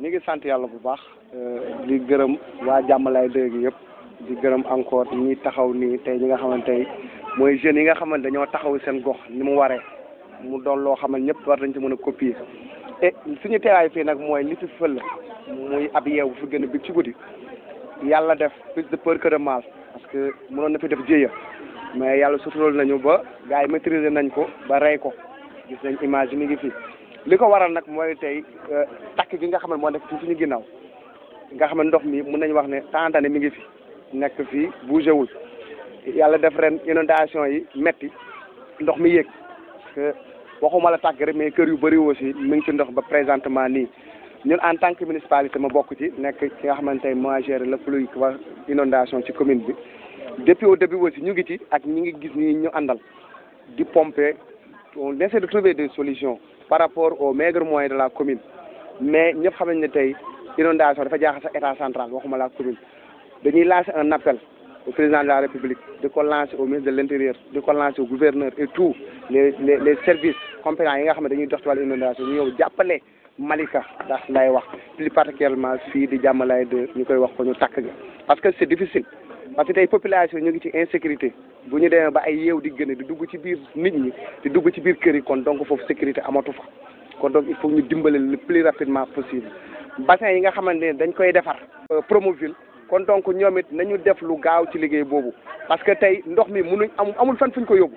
ñu ngi sant yàlla bu baax euh, di gërëm waa jàmmalaay dëgg yëpp di gërëm encore ñi taxaw nii tey ñi nga xamante ni mooy jeunes yi nga xamante dañoo taxaw seen gox ni mu waree mu doon loo xam ne ñëpp war nañ ci mën a copier et suñu teewaay fii nag mooy li fi fël muy ab yeew bu fi gën a bi ci guddi yàlla def plus de peur que parce que mënoon na fi def jéeya mais yàlla sutural nañu ba gars yi maîtriser nañ ko ba rey ko gis nañ image yi mi ngi fi li ko waral nag mooy tey euh, takk gi nga xam ne moo nekk ci suñu ginnaaw nga xam ndox mi mun nañu wax ne tantane mi ngi fi nekk fii bougé wul yàlla def ren inondation yi metti ndox mi yéeg waxuma a tàgg rek mais kër yu bëri aussi mi ngi ci ndox ba présentement nii ñun en tant que municipalité ma bokk ci nekk ci nga xamante ne moo géré la pluie wa inondation ci commune bi depuis au début ñu ngi ci ak ñu ngi gis ñi ñu àndal di pomper on essaie de trouver des solutions par rapport aux maigres moyens de la commune mais nous une nañ l'inondation, on inondation dafa jaaxal sax état central waxuma la commune dañuy lancer un appel au président de la république de lancer au ministre de l'Intérieur, de lancer au gouverneur et tout les services compétents yi nga xam l'inondation. dañuy dox appelé inondation Malika plus particulièrement fii di jàmmalaay de ñu wax parce que c'est difficile parce que tey population ñu ngi ci insécurité bu ñu demee ba ay yeew di gën di dugg ci biir nit ñi di dugg ci biir kër yi kon donc foofu sécurité amatu fa kon donc il faut ñu dimbale le plus rapidement possible bassin yi nga xamante ne dañ koy defar euh, Promoville kon donc ñoom it nañu def lu gaaw ci liggéey boobu parce que tey ndox mi mënuñ am amul fan fu ñu ko yóbbu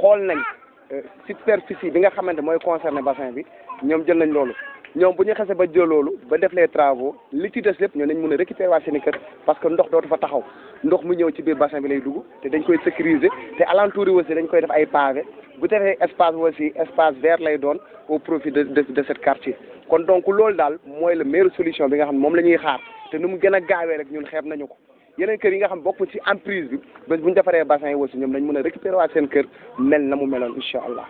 xool nañ euh, superficie bi nga xamante mooy concerné bassin bi ñoom jël nañ loolu ñoom bu ñu xese ba jël loolu ba def lee travaux li ci des lépp ñoo nañ mën a récupérer waa seen i kër parce que ndox dootu fa taxaw ndox mu ñëw ci biir bassin bi lay dugg te dañ koy sécuriser te alentour yi aussi dañ koy def ay pavé bu defee espace aussi espace vert lay doon au profit de de de cette quartier kon donc loolu daal mooy la meilleure solution bi nga xam ne moom la ñuy xaar te nu mu gën a gaawee rek ñun xeeb nañu ko. yeneen kër yi nga xam bokk ci emprise bi bés bu ñu defaree bassin yi aussi ñoom dañ mën a récupérer waat seen kër mel na mu meloon incha allah